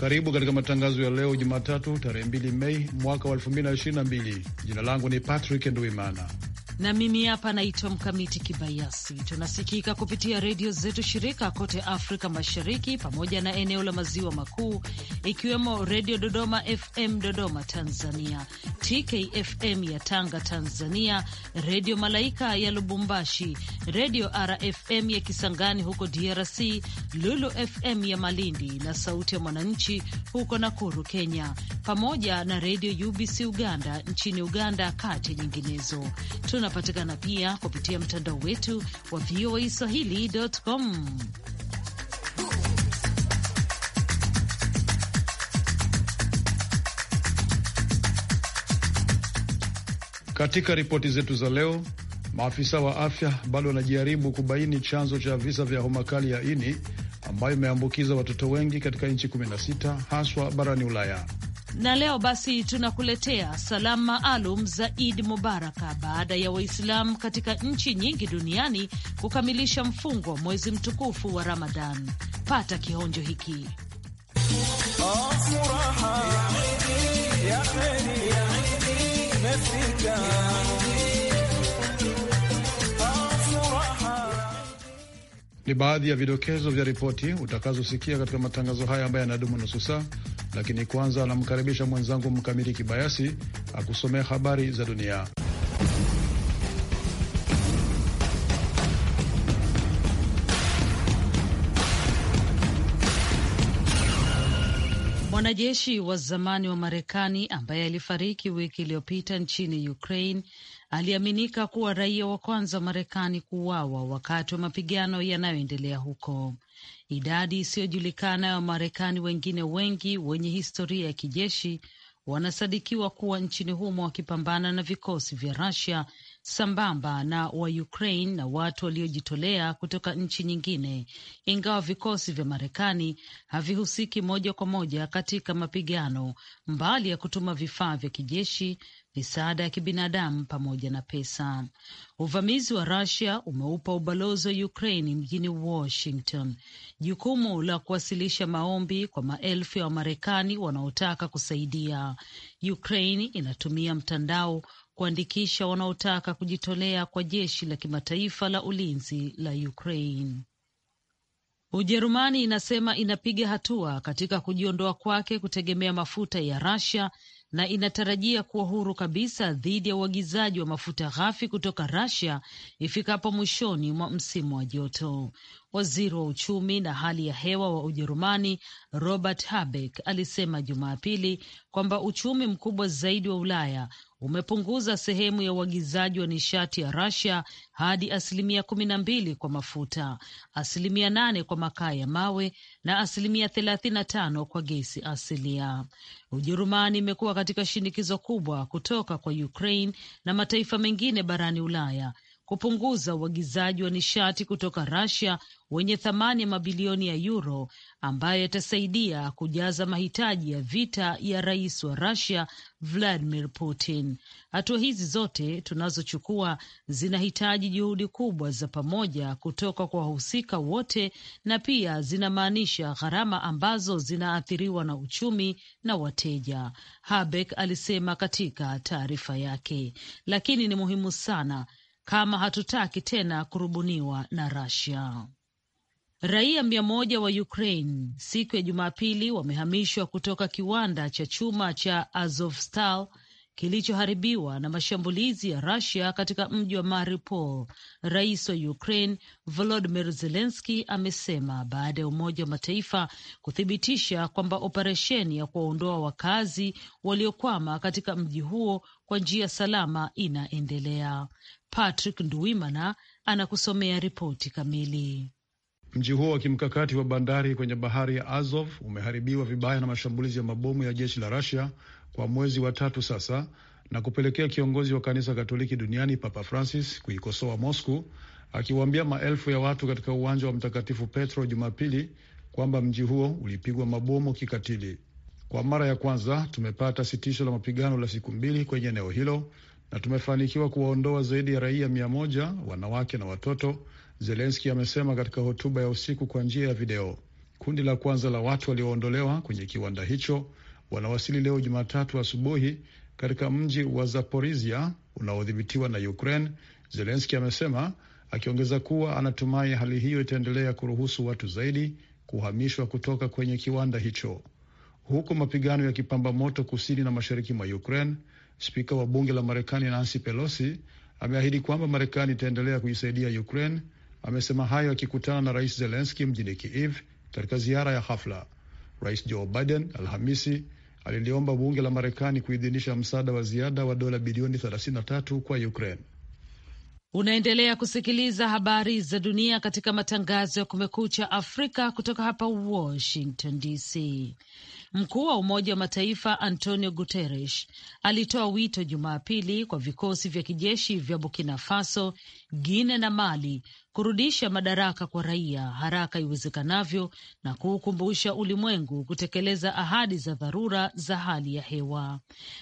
Karibu katika matangazo ya leo Jumatatu tarehe 2 Mei mwaka wa 2022. Jina langu ni Patrick Ndwimana na mimi hapa naitwa Mkamiti Kibayasi. Tunasikika kupitia redio zetu shirika kote Afrika Mashariki pamoja na eneo la maziwa makuu, ikiwemo Redio Dodoma FM Dodoma Tanzania, TKFM ya Tanga Tanzania, Redio Malaika ya Lubumbashi, Redio RFM ya Kisangani huko DRC, Lulu FM ya Malindi na Sauti ya Mwananchi huko Nakuru, Kenya, pamoja na Redio UBC Uganda nchini Uganda, kati nyinginezo Tuna tunapatikana pia kupitia mtandao wetu wa VOA Swahili.com. Katika ripoti zetu za leo, maafisa wa afya bado wanajaribu kubaini chanzo cha visa vya homa kali ya ini ambayo imeambukiza watoto wengi katika nchi 16 haswa barani Ulaya na leo basi tunakuletea salamu maalum za Idi Mubaraka baada ya Waislamu katika nchi nyingi duniani kukamilisha mfungo wa mwezi mtukufu wa ramadan Pata kionjo hiki oh, Ni baadhi ya vidokezo vya ripoti utakazosikia katika matangazo haya ambayo yanadumu nusu saa, lakini kwanza anamkaribisha mwenzangu Mkamili Kibayasi akusomea habari za dunia. Mwanajeshi wa zamani wa Marekani ambaye alifariki wiki iliyopita nchini Ukraine aliaminika kuwa raia wa kwanza wa Marekani kuuawa wakati wa mapigano yanayoendelea huko. Idadi isiyojulikana ya Wamarekani wengine wengi wenye historia ya kijeshi wanasadikiwa kuwa nchini humo wakipambana na vikosi vya rasia sambamba na wa Ukraine na watu waliojitolea kutoka nchi nyingine, ingawa vikosi vya Marekani havihusiki moja kwa moja katika mapigano, mbali ya kutuma vifaa vya kijeshi misaada ya kibinadamu pamoja na pesa. Uvamizi wa rasia umeupa ubalozi wa ukraini mjini Washington jukumu la kuwasilisha maombi kwa maelfu ya Wamarekani wanaotaka kusaidia ukraini Inatumia mtandao kuandikisha wanaotaka kujitolea kwa jeshi la kimataifa la ulinzi la Ukraine. Ujerumani inasema inapiga hatua katika kujiondoa kwake kutegemea mafuta ya Russia na inatarajia kuwa huru kabisa dhidi ya uagizaji wa mafuta ghafi kutoka Russia ifikapo mwishoni mwa msimu wa joto. Waziri wa uchumi na hali ya hewa wa Ujerumani Robert Habeck alisema Jumapili kwamba uchumi mkubwa zaidi wa Ulaya umepunguza sehemu ya uagizaji wa nishati ya rasia hadi asilimia kumi na mbili kwa mafuta, asilimia nane kwa makaa ya mawe na asilimia thelathini na tano kwa gesi asilia. Ujerumani imekuwa katika shinikizo kubwa kutoka kwa Ukraine na mataifa mengine barani Ulaya kupunguza uagizaji wa nishati kutoka Russia wenye thamani ya mabilioni ya yuro ambayo yatasaidia kujaza mahitaji ya vita ya rais wa Russia Vladimir Putin. Hatua hizi zote tunazochukua zinahitaji juhudi kubwa za pamoja kutoka kwa wahusika wote, na pia zinamaanisha gharama ambazo zinaathiriwa na uchumi na wateja, Habeck alisema katika taarifa yake. Lakini ni muhimu sana kama hatutaki tena kurubuniwa na rasia Raia mia moja wa Ukraine siku ya Jumapili wamehamishwa kutoka kiwanda cha chuma cha Azovstal kilichoharibiwa na mashambulizi ya Rusia katika mji wa Mariupol, rais wa Ukraine volodimir zelenski amesema baada ya Umoja wa Mataifa kuthibitisha kwamba operesheni ya kuwaondoa wakazi waliokwama katika mji huo kwa njia salama inaendelea. Patrick nduimana anakusomea ripoti kamili. Mji huo wa kimkakati wa bandari kwenye bahari ya Azov umeharibiwa vibaya na mashambulizi ya mabomu ya jeshi la Rusia kwa mwezi wa tatu sasa na kupelekea kiongozi wa kanisa Katoliki duniani Papa Francis kuikosoa Moscow akiwaambia maelfu ya watu katika uwanja wa Mtakatifu Petro Jumapili kwamba mji huo ulipigwa mabomu kikatili. Kwa mara ya kwanza tumepata sitisho la mapigano la siku mbili kwenye eneo hilo na tumefanikiwa kuwaondoa zaidi ya raia mia moja, wanawake na watoto, Zelenski amesema katika hotuba ya usiku kwa njia ya video. Kundi la kwanza la watu walioondolewa kwenye kiwanda hicho wanawasili leo Jumatatu asubuhi katika mji wa Zaporizhia unaodhibitiwa na Ukraine, Zelenski amesema, akiongeza kuwa anatumai hali hiyo itaendelea kuruhusu watu zaidi kuhamishwa kutoka kwenye kiwanda hicho. Huku mapigano ya kipamba moto kusini na mashariki mwa Ukraine, spika wa bunge la Marekani Nancy Pelosi ameahidi kwamba Marekani itaendelea kuisaidia Ukraine. Amesema hayo akikutana na rais Zelenski mjini Kiev katika ziara ya hafla. Rais Joe Biden Alhamisi aliliomba bunge la Marekani kuidhinisha msaada wa ziada wa dola bilioni 33 kwa Ukraine. Unaendelea kusikiliza habari za dunia katika matangazo ya Kumekucha Afrika kutoka hapa Washington DC. Mkuu wa Umoja wa Mataifa Antonio Guterres alitoa wito Jumapili kwa vikosi vya kijeshi vya Burkina Faso, Guine na Mali kurudisha madaraka kwa raia haraka iwezekanavyo na kuukumbusha ulimwengu kutekeleza ahadi za dharura za hali ya hewa.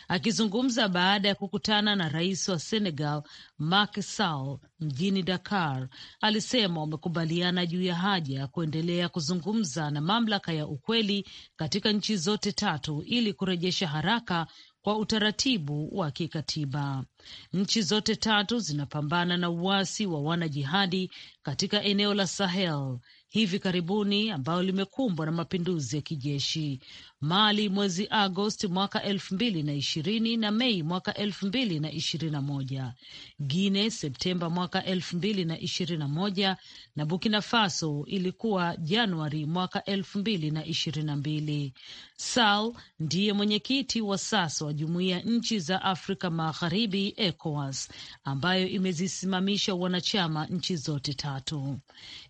Akizungumza baada ya kukutana na rais wa Senegal Macky Sall mjini Dakar, alisema wamekubaliana juu ya haja ya kuendelea kuzungumza na mamlaka ya ukweli katika nchi zote tatu ili kurejesha haraka kwa utaratibu wa kikatiba. Nchi zote tatu zinapambana na uasi wa wanajihadi katika eneo la Sahel hivi karibuni, ambayo limekumbwa na mapinduzi ya kijeshi. Mali mwezi Agosti mwaka elfu mbili na ishirini na Mei mwaka elfu mbili na ishirini na moja Guine Septemba mwaka elfu mbili na ishirini na moja na Burkina Faso ilikuwa Januari mwaka elfu mbili na ishirini na mbili. Sal ndiye mwenyekiti wa sasa wa jumuiya nchi za Afrika Magharibi, ECOWAS, ambayo imezisimamisha wanachama nchi zote tatu.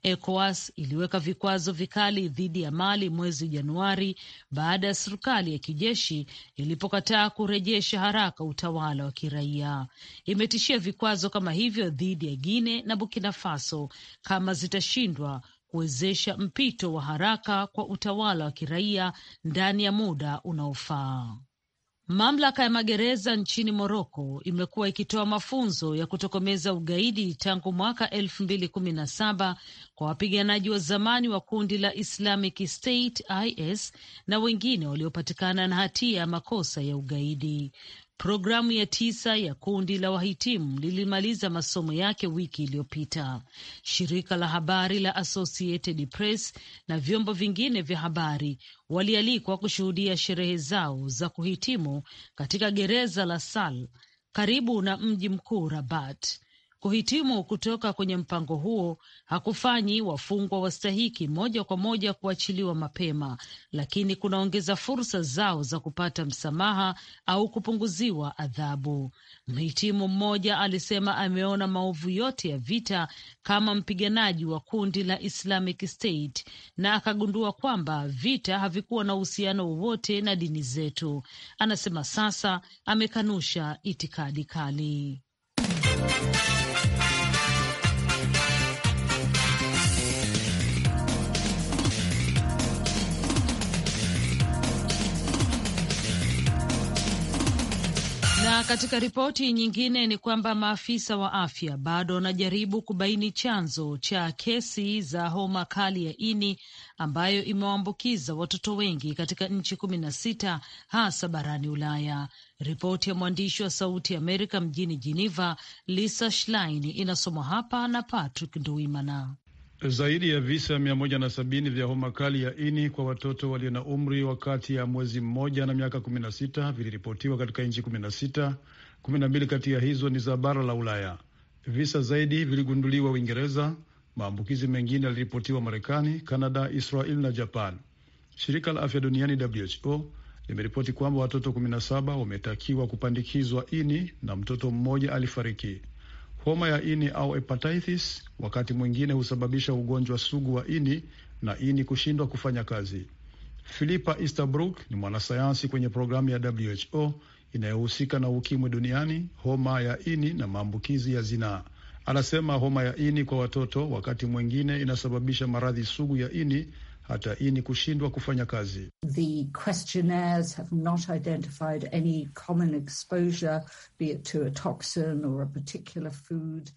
ECOWAS iliweka vikwazo vikali dhidi ya Mali mwezi Januari baada baada ya serikali ya kijeshi ilipokataa kurejesha haraka utawala wa kiraia. Imetishia vikwazo kama hivyo dhidi ya Guine na Burkina Faso kama zitashindwa kuwezesha mpito wa haraka kwa utawala wa kiraia ndani ya muda unaofaa. Mamlaka ya magereza nchini Moroko imekuwa ikitoa mafunzo ya kutokomeza ugaidi tangu mwaka elfu mbili kumi na saba kwa wapiganaji wa zamani wa kundi la Islamic State IS na wengine waliopatikana na hatia ya makosa ya ugaidi. Programu ya tisa ya kundi la wahitimu lilimaliza masomo yake wiki iliyopita. Shirika la habari la Associated Press na vyombo vingine vya habari walialikwa kushuhudia sherehe zao za kuhitimu katika gereza la Sal karibu na mji mkuu Rabat. Kuhitimu kutoka kwenye mpango huo hakufanyi wafungwa wastahiki moja kwa moja kuachiliwa mapema, lakini kunaongeza fursa zao za kupata msamaha au kupunguziwa adhabu. Mhitimu mmoja alisema ameona maovu yote ya vita kama mpiganaji wa kundi la Islamic State na akagundua kwamba vita havikuwa na uhusiano wowote na dini zetu. Anasema sasa amekanusha itikadi kali. katika ripoti nyingine ni kwamba maafisa wa afya bado wanajaribu kubaini chanzo cha kesi za homa kali ya ini ambayo imewaambukiza watoto wengi katika nchi kumi na sita hasa barani Ulaya. Ripoti ya mwandishi wa Sauti ya Amerika mjini Geneva, Lisa Schlein, inasomwa hapa na Patrick Nduimana. Zaidi ya visa 170 vya homa kali ya ini kwa watoto walio na umri wa kati ya mwezi mmoja na miaka 16 viliripotiwa katika nchi 16. 12 kati ya hizo ni za bara la Ulaya. Visa zaidi viligunduliwa Uingereza. Maambukizi mengine yaliripotiwa Marekani, Kanada, Israel na Japan. Shirika la afya duniani WHO limeripoti kwamba watoto 17 wametakiwa kupandikizwa ini na mtoto mmoja alifariki. Homa ya ini au hepatitis wakati mwingine husababisha ugonjwa sugu wa ini na ini kushindwa kufanya kazi. Philippa Easterbrook ni mwanasayansi kwenye programu ya WHO inayohusika na ukimwi duniani, homa ya ini na maambukizi ya zinaa. Anasema homa ya ini kwa watoto wakati mwingine inasababisha maradhi sugu ya ini hata ini kushindwa kufanya kazi. The questionnaires have not identified any common exposure be it to a toxin or a particular food.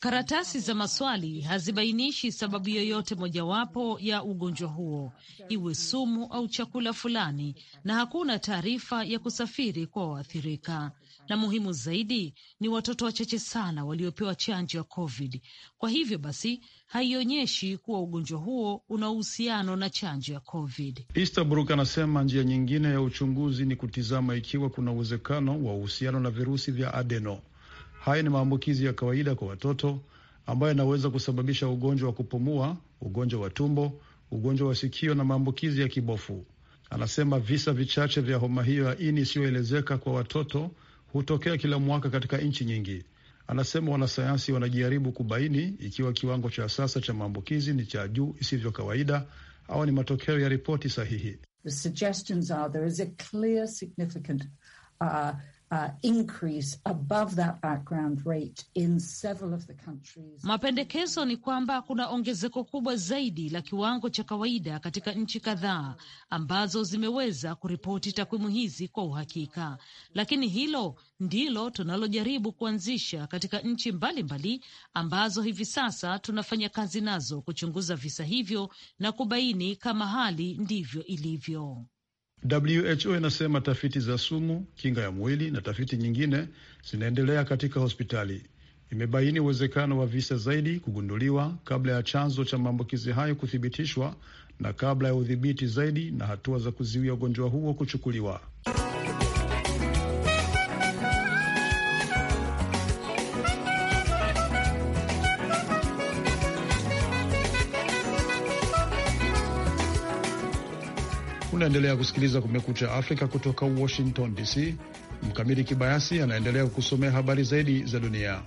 Karatasi za maswali hazibainishi sababu yoyote mojawapo ya ugonjwa huo, iwe sumu au chakula fulani, na hakuna taarifa ya kusafiri kwa waathirika na muhimu zaidi ni watoto wachache sana waliopewa chanjo ya COVID. Kwa hivyo basi haionyeshi kuwa ugonjwa huo una uhusiano na chanjo ya COVID. Easterbrook anasema njia nyingine ya uchunguzi ni kutizama ikiwa kuna uwezekano wa uhusiano na virusi vya adeno. Haya ni maambukizi ya kawaida kwa watoto ambayo yanaweza kusababisha ugonjwa wa kupumua, ugonjwa wa tumbo, ugonjwa wa sikio na maambukizi ya kibofu. Anasema visa vichache vya homa hiyo ya ini isiyoelezeka kwa watoto hutokea kila mwaka katika nchi nyingi. Anasema wanasayansi wanajaribu kubaini ikiwa kiwango cha sasa cha maambukizi ni cha juu isivyo kawaida au ni matokeo ya ripoti sahihi. The Uh, increase above that background rate in several of the countries. Mapendekezo ni kwamba kuna ongezeko kubwa zaidi la kiwango cha kawaida katika nchi kadhaa ambazo zimeweza kuripoti takwimu hizi kwa uhakika, lakini hilo ndilo tunalojaribu kuanzisha katika nchi mbalimbali ambazo hivi sasa tunafanya kazi nazo kuchunguza visa hivyo na kubaini kama hali ndivyo ilivyo. WHO inasema tafiti za sumu, kinga ya mwili na tafiti nyingine zinaendelea katika hospitali. Imebaini uwezekano wa visa zaidi kugunduliwa kabla ya chanzo cha maambukizi hayo kuthibitishwa na kabla ya udhibiti zaidi na hatua za kuzuia ugonjwa huo kuchukuliwa. Unaendelea kusikiliza Kumekucha Afrika kutoka Washington DC. Mkamili Kibayasi anaendelea kukusomea habari zaidi za dunia.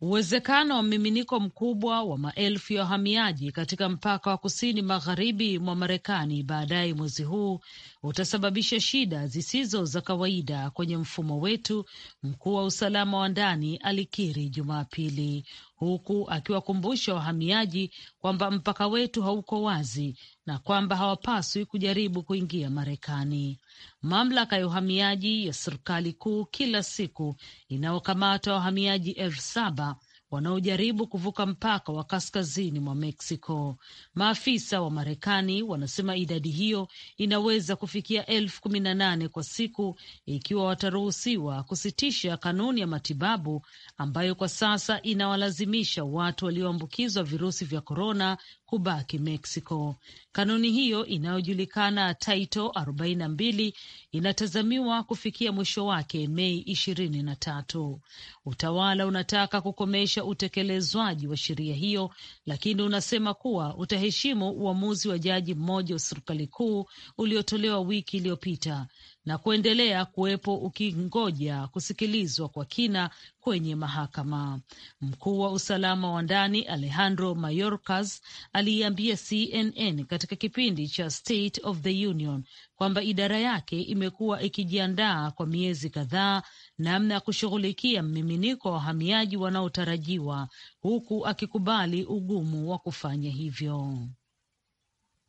Uwezekano wa mmiminiko mkubwa wa maelfu ya wahamiaji katika mpaka wa kusini magharibi mwa Marekani baadaye mwezi huu utasababisha shida zisizo za kawaida kwenye mfumo wetu, mkuu wa usalama wa ndani alikiri Jumapili, huku akiwakumbusha wahamiaji kwamba mpaka wetu hauko wazi na kwamba hawapaswi kujaribu kuingia Marekani. Mamlaka ya uhamiaji ya serikali kuu kila siku inaokamata wahamiaji elfu saba wanaojaribu kuvuka mpaka wa kaskazini mwa Meksiko. Maafisa wa Marekani wanasema idadi hiyo inaweza kufikia elfu kumi na nane kwa siku ikiwa wataruhusiwa kusitisha kanuni ya matibabu ambayo kwa sasa inawalazimisha watu walioambukizwa virusi vya korona kubaki Mexico. Kanuni hiyo inayojulikana Taito 42 inatazamiwa kufikia mwisho wake Mei ishirini na tatu. Utawala unataka kukomesha utekelezwaji wa sheria hiyo, lakini unasema kuwa utaheshimu uamuzi wa jaji mmoja wa serikali kuu uliotolewa wiki iliyopita na kuendelea kuwepo ukingoja kusikilizwa kwa kina kwenye mahakama. Mkuu wa usalama wa ndani Alejandro Mayorkas aliiambia CNN katika kipindi cha State of the Union kwamba idara yake imekuwa ikijiandaa kwa miezi kadhaa namna ya kushughulikia mmiminiko wa wahamiaji wanaotarajiwa, huku akikubali ugumu wa kufanya hivyo.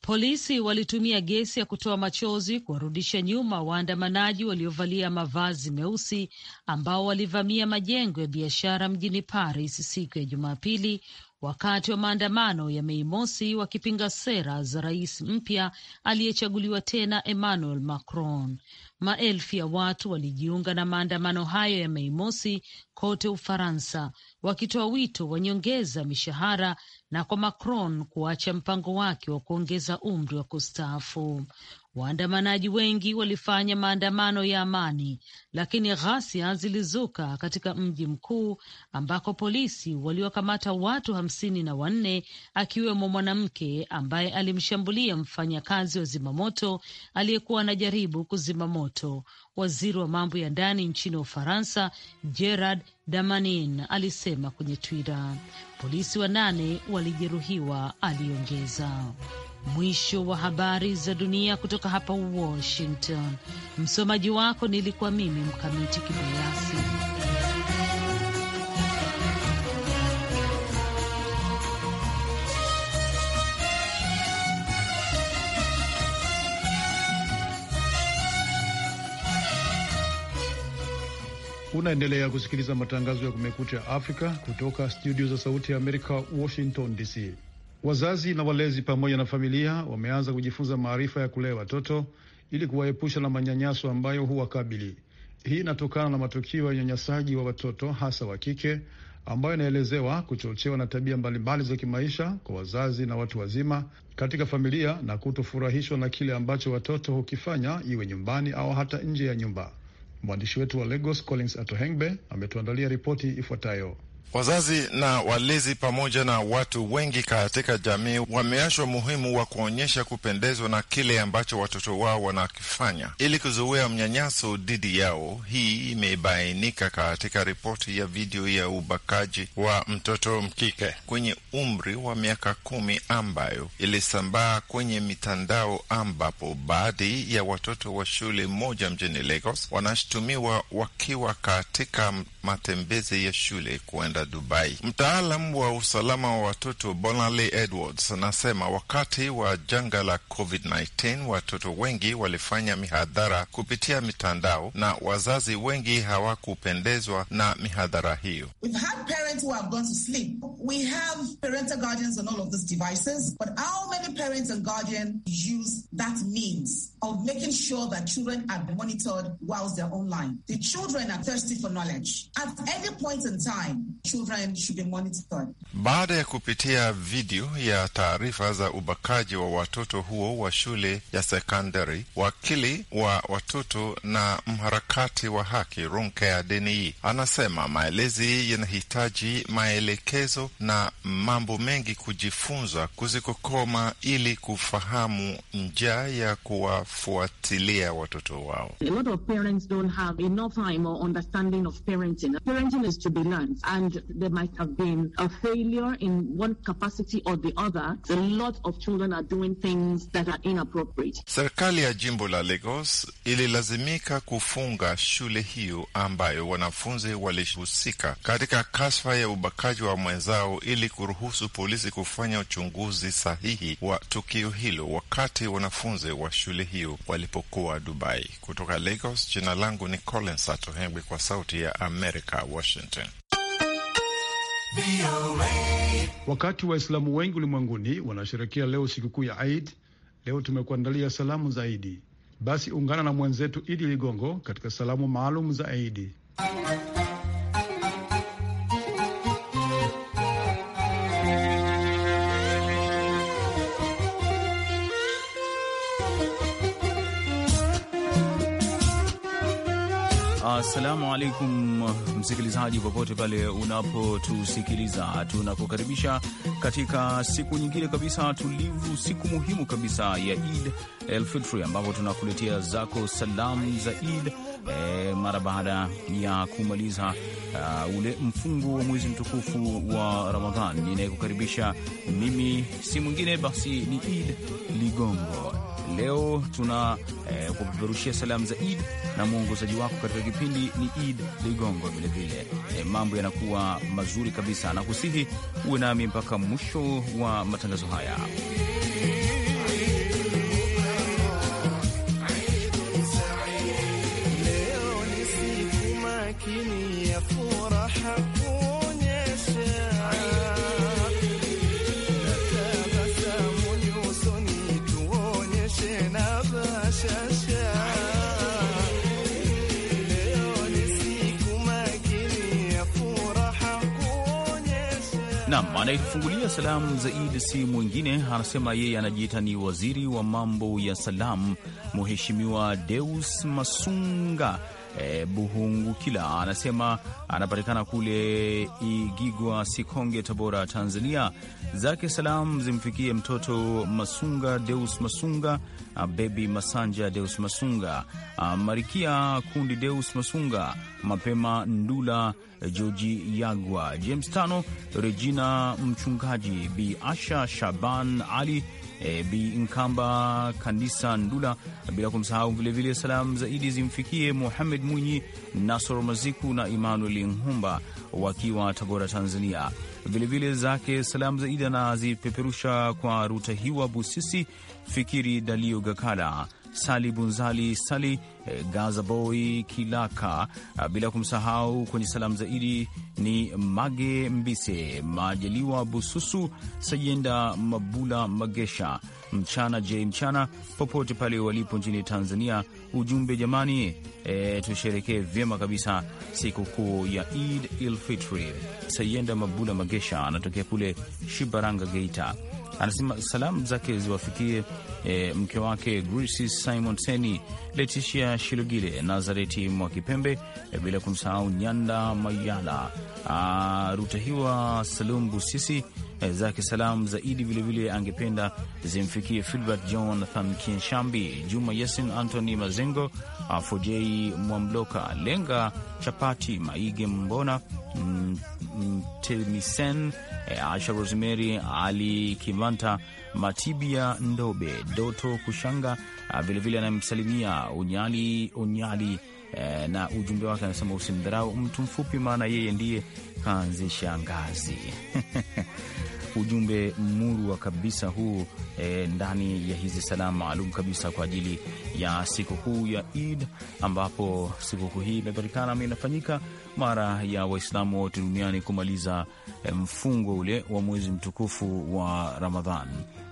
Polisi walitumia gesi ya kutoa machozi kuwarudisha nyuma waandamanaji waliovalia mavazi meusi ambao walivamia majengo ya biashara mjini Paris siku ya Jumapili wakati wa maandamano ya Mei Mosi wakipinga sera za rais mpya aliyechaguliwa tena Emmanuel Macron. Maelfu ya watu walijiunga na maandamano hayo ya Mei Mosi kote Ufaransa wakitoa wito wa nyongeza mishahara na kwa Macron kuacha mpango wake wa kuongeza umri wa kustaafu. Waandamanaji wengi walifanya maandamano ya amani, lakini ghasia zilizuka katika mji mkuu ambako polisi waliwakamata watu hamsini na wanne akiwemo mwanamke ambaye alimshambulia mfanyakazi wa zimamoto aliyekuwa anajaribu kuzima moto. Waziri wa mambo ya ndani nchini Ufaransa Gerard Damanin alisema kwenye Twitter. Polisi wanane walijeruhiwa, aliongeza. Mwisho wa habari za dunia kutoka hapa Washington. Msomaji wako nilikuwa mimi Mkamiti Kibayasi. Unaendelea kusikiliza matangazo ya Kumekucha Afrika kutoka studio za Sauti ya Amerika, Washington DC. Wazazi na walezi pamoja na familia wameanza kujifunza maarifa ya kulea watoto ili kuwaepusha na manyanyaso ambayo huwakabili. Hii inatokana na matukio ya unyanyasaji wa watoto hasa wa kike ambayo inaelezewa kuchochewa na tabia mbalimbali za kimaisha kwa wazazi na watu wazima katika familia na kutofurahishwa na kile ambacho watoto hukifanya iwe nyumbani au hata nje ya nyumba. Mwandishi wetu wa Lagos Collins Atohengbe ametuandalia ripoti ifuatayo. Wazazi na walezi pamoja na watu wengi katika jamii wameashwa muhimu wa kuonyesha kupendezwa na kile ambacho watoto wao wanakifanya ili kuzuia mnyanyaso dhidi yao. Hii imebainika katika ripoti ya video ya ubakaji wa mtoto mkike kwenye umri wa miaka kumi ambayo ilisambaa kwenye mitandao, ambapo baadhi ya watoto wa shule moja mjini Lagos wanashutumiwa wakiwa katika matembezi ya shule kuenda Dubai. Mtaalam wa usalama wa watoto Bonale Edwards anasema wakati wa janga la COVID-19 watoto wengi walifanya mihadhara kupitia mitandao na wazazi wengi hawakupendezwa na mihadhara hiyo. Of making sure that children are monitored whilst they're online. The children are thirsty for knowledge. At any point in time, children should be monitored. Baada ya kupitia video ya taarifa za ubakaji wa watoto huo wa shule ya sekondari, wakili wa watoto na mharakati wa haki Runke Adeniyi anasema maelezi yanahitaji maelekezo na mambo mengi kujifunza kuzikokoma, ili kufahamu njia ya kuwafuatilia watoto wao. A lot of parents don't have enough time or understanding of parenting. Parenting is to be learned, and there might have been a failure in one capacity or the other. A lot of children are doing things that are inappropriate. Serikali ya jimbo la Lagos ililazimika kufunga shule hiyo ambayo wanafunzi walihusika katika kashfa ya ubakaji wa mwenzao ili kuruhusu polisi kufanya uchunguzi sahihi wa tukio hilo wakati wanafunzi wa shule hiyo walipokuwa Dubai. Kutoka Lagos, jina langu ni Colin Satohengwi kwa Sauti ya Amerika. Amerika, Washington. Wakati Waislamu wengi ulimwenguni wanasherekea leo sikukuu ya Aid, leo tumekuandalia salamu za Basi ungana na mwenzetu Idi Ligongo katika salamu maalum za aidi Assalamu alaikum msikilizaji, popote pale unapotusikiliza, tunakukaribisha katika siku nyingine kabisa tulivu, siku muhimu kabisa ya Eid Elfitri, ambapo tunakuletea zako salamu za Eid e, mara baada ya kumaliza uh, ule mfungo wa mwezi mtukufu wa Ramadhan. Ninayekukaribisha mimi si mwingine basi ni Eid Ligongo. Leo tuna eh, kupeperushia salamu za Id na mwongozaji wako katika kipindi ni Id Ligongo. Vilevile eh, mambo yanakuwa mazuri kabisa, na kusihi uwe nami mpaka mwisho wa matangazo haya. Nam anayetufungulia salamu zaidi si mwingine, anasema yeye anajiita ni waziri wa mambo ya salamu, Mheshimiwa Deus Masunga e, Buhungukila anasema anapatikana kule Igigwa, Sikonge, Tabora, Tanzania. Zake salam zimfikie mtoto Masunga, Deus Masunga, uh, bebi Masanja, Deus Masunga, uh, Marikia Kundi, Deus Masunga, Mapema Ndula, Joji Yagwa, James Tano, Regina Mchungaji, Bi Asha Shaban Ali e, Bi Nkamba Kanisa Ndula, bila kumsahau vilevile, salamu zaidi zimfikie Muhamed Mwinyi, Nasoro Maziku na Emmanuel Nhumba wakiwa Tabora, Tanzania. Vilevile zake salamu zaidi anazipeperusha kwa Ruta Hiwa Busisi, Fikiri Dalio Gakala Sali Bunzali, Sali eh, Gazaboi Kilaka, ah, bila kumsahau kwenye salamu zaidi ni Mage Mbise, Majaliwa Bususu, Sayenda Mabula Magesha, Mchana J Mchana, popote pale walipo nchini Tanzania. Ujumbe jamani, e, tusherekee vyema kabisa sikukuu ya Eid Ilfitri. Sayenda Mabula Magesha anatokea kule Shibaranga, Geita. Anasema salamu zake ziwafikie e, mke wake Grace Simon Seni, Leticia shilugile Nazareti Mwakipembe, e, bila kumsahau Nyanda Mayala, ah, Rutahiwa Salum Busisi Eh, zake salamu zaidi vilevile angependa zimfikie Filbert Jonathan Kinshambi, Juma Yasin, Anthony Mazengo, Fojei Mwamloka, Lenga Chapati, Maige Mbona, Mtemisen, eh, Aisha Rosemary, Ali Kimanta, Matibia Ndobe, Doto Kushanga. Ah, vilevile anamsalimia Unyali Unyali eh, na ujumbe wake anasema usimdharau mtu mfupi, maana yeye ndiye kaanzisha ngazi ujumbe murwa kabisa huu e, ndani ya hizi salamu maalum kabisa kwa ajili ya sikukuu ya Eid, ambapo sikukuu hii imepatikana ama inafanyika mara ya Waislamu wote duniani kumaliza e, mfungo ule wa mwezi mtukufu wa ramadhan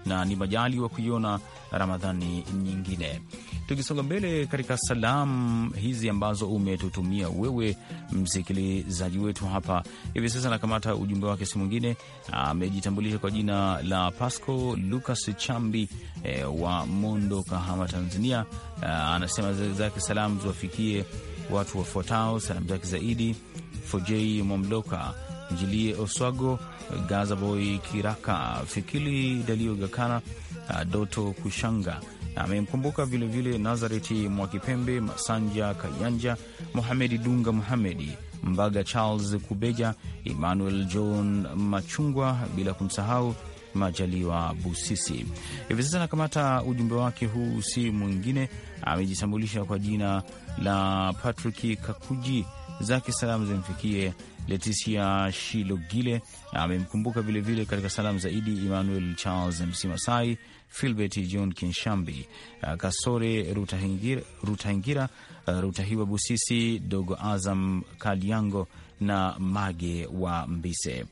na ni majali wa kuiona Ramadhani nyingine. Tukisonga mbele katika salamu hizi ambazo umetutumia wewe msikilizaji wetu hapa hivi sasa, nakamata ujumbe wake, si mwingine amejitambulisha kwa jina la Pasco Lucas Chambi e, wa Mondo, Kahama, Tanzania. A, ah, anasema zake salamu ziwafikie watu wafuatao. Salamu zake zaidi Fojei Mamloka Njilie Oswago, Gazaboy Kiraka, Fikili Dalio Gakana, ah, Doto Kushanga amemkumbuka vilevile Nazareti Mwakipembe, Masanja Kayanja, muhamedi Dunga, Muhamedi Mbaga, Charles Kubeja, Emmanuel John Machungwa, bila kumsahau Majaliwa Busisi. Hivi sasa anakamata ujumbe wake huu, si mwingine amejitambulisha kwa jina la Patrick Kakuji zake salamu zimfikie Leticia Shilogile, amemkumbuka vilevile katika salamu zaidi Emmanuel Charles Msimasai, Filbert John Kinshambi, uh, Kasore Rutahingira, Rutahingira uh, Rutahiwa Busisi, Dogo Azam Kaliango na Mage wa Mbise.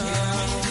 love.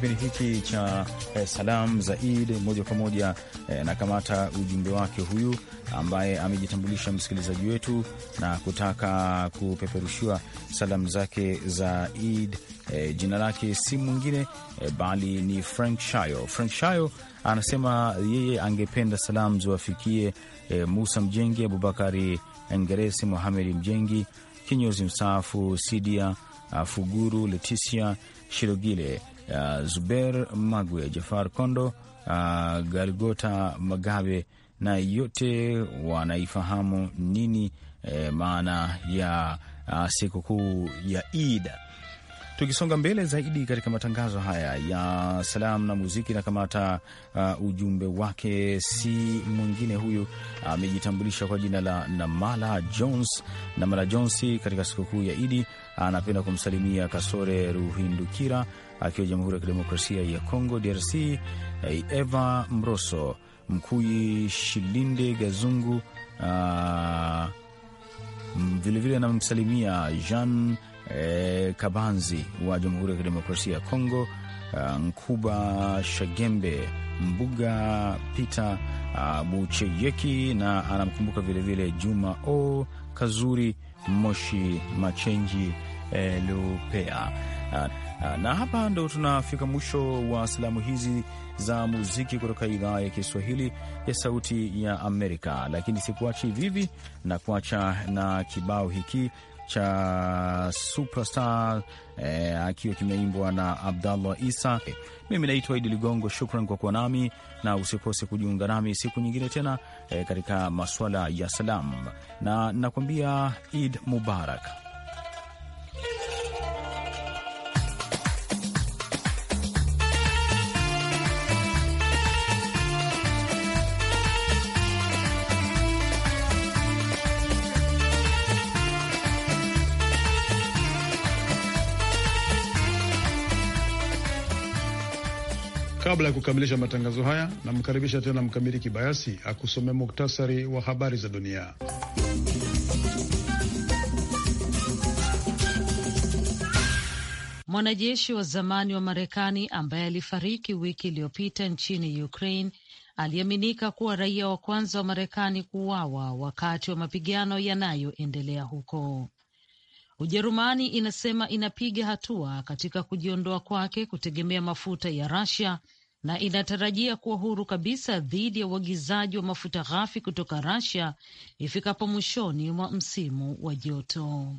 kipindi hiki cha eh, salam za Id moja kwa moja eh, nakamata ujumbe wake huyu ambaye amejitambulisha msikilizaji wetu na kutaka kupeperushiwa salamu zake za Id. Eh, jina lake si mwingine eh, bali ni Frank Shayo. Frank Shayo anasema yeye angependa salamu ziwafikie eh, Musa Mjengi, Abubakari Ngeresi, muhamedi Mjengi kinyozi mstaafu, Sidia Fuguru, Leticia Shirogile uh, Zuber Magwe, Jafar Kondo, uh, Galgota Magabe, na yote wanaifahamu nini eh, maana ya uh, sikukuu ya Id. Tukisonga mbele zaidi katika matangazo haya ya salamu na muziki, na kamata uh, ujumbe wake, si mwingine huyu, amejitambulisha uh, kwa jina la Namala Jones. Namala Jones katika sikukuu ya Idi anapenda uh, kumsalimia Kasore Ruhindukira akiwa Jamhuri ya Kidemokrasia ya Kongo DRC, eh, Eva Mroso Mkuyi Shilinde Gazungu vilevile ah, mm, anamsalimia Jean eh, Kabanzi wa Jamhuri ya Kidemokrasia ya Kongo, ah, Nkuba Shagembe Mbuga Peter ah, Bucheyeki na anamkumbuka vilevile Juma O Kazuri Moshi Machenji eh, Lupea. Ah, na hapa ndo tunafika mwisho wa salamu hizi za muziki kutoka idhaa ya Kiswahili ya Sauti ya Amerika, lakini sikuachi vivi na kuacha na kibao hiki cha Superstar eh, akiwa kimeimbwa na Abdallah Isa. Mimi naitwa Idi Ligongo, shukran kwa kuwa nami na usikose kujiunga nami siku nyingine tena eh, katika masuala ya salamu, na nakuambia Id Mubarak. Kabla ya kukamilisha matangazo haya, namkaribisha tena Mkamili Kibayasi akusomea muktasari wa habari za dunia. Mwanajeshi wa zamani wa Marekani ambaye alifariki wiki iliyopita nchini Ukraine aliaminika kuwa raia wa kwanza wa Marekani kuuawa wakati wa mapigano yanayoendelea huko. Ujerumani inasema inapiga hatua katika kujiondoa kwake kutegemea mafuta ya Russia na inatarajia kuwa huru kabisa dhidi ya uagizaji wa mafuta ghafi kutoka Russia ifikapo mwishoni mwa msimu wa joto.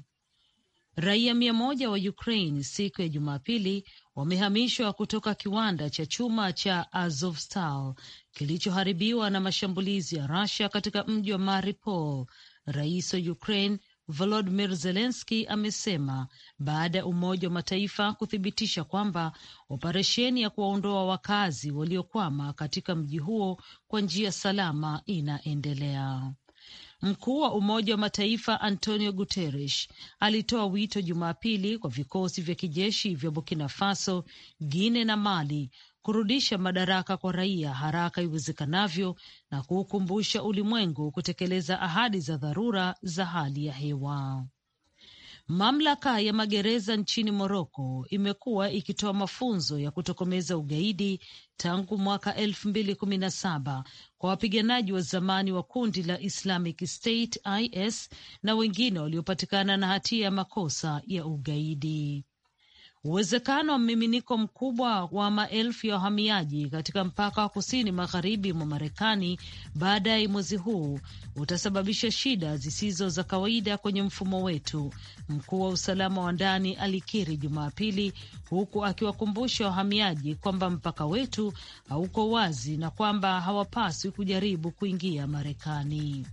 Raia mia moja wa Ukraine siku ya Jumapili wamehamishwa kutoka kiwanda cha chuma cha Azovstal kilichoharibiwa na mashambulizi ya Russia katika mji wa Mariupol. Rais wa Ukraine Volodymyr zelenski amesema baada ya Umoja wa Mataifa kuthibitisha kwamba operesheni ya kuwaondoa wakazi waliokwama katika mji huo kwa njia salama inaendelea. Mkuu wa Umoja wa Mataifa Antonio Guterres alitoa wito Jumapili kwa vikosi vya kijeshi vya Burkina Faso, Guine na Mali kurudisha madaraka kwa raia haraka iwezekanavyo na kuukumbusha ulimwengu kutekeleza ahadi za dharura za hali ya hewa. Mamlaka ya magereza nchini Moroko imekuwa ikitoa mafunzo ya kutokomeza ugaidi tangu mwaka elfu mbili kumi na saba kwa wapiganaji wa zamani wa kundi la Islamic State IS na wengine waliopatikana na hatia ya makosa ya ugaidi. Uwezekano wa mmiminiko mkubwa wa maelfu ya wahamiaji katika mpaka wa kusini magharibi mwa Marekani baadaye mwezi huu utasababisha shida zisizo za kawaida kwenye mfumo wetu, mkuu wa usalama wa ndani alikiri Jumapili, huku akiwakumbusha wahamiaji kwamba mpaka wetu hauko wazi na kwamba hawapaswi kujaribu kuingia Marekani.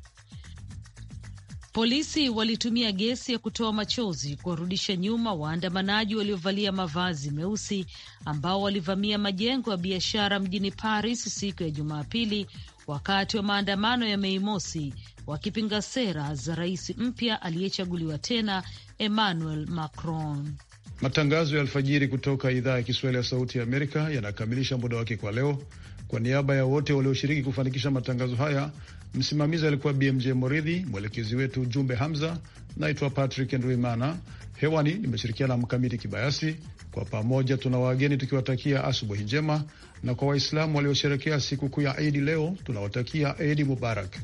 Polisi walitumia gesi ya kutoa machozi kuwarudisha nyuma waandamanaji waliovalia mavazi meusi ambao walivamia majengo ya biashara mjini Paris siku ya Jumapili wakati wa maandamano ya Mei Mosi wakipinga sera za rais mpya aliyechaguliwa tena Emmanuel Macron. Matangazo ya alfajiri kutoka idhaa ya Kiswahili ya Sauti ya Amerika yanakamilisha muda wake kwa leo. Kwa niaba ya wote walioshiriki kufanikisha matangazo haya Msimamizi alikuwa BMJ Moridhi, mwelekezi wetu Jumbe Hamza. Naitwa Patrick Ndwimana, hewani nimeshirikiana na Mkamiti Kibayasi. Kwa pamoja tuna wageni tukiwatakia asubuhi njema, na kwa Waislamu waliosherekea sikukuu ya Idi leo tunawatakia Idi Mubarak.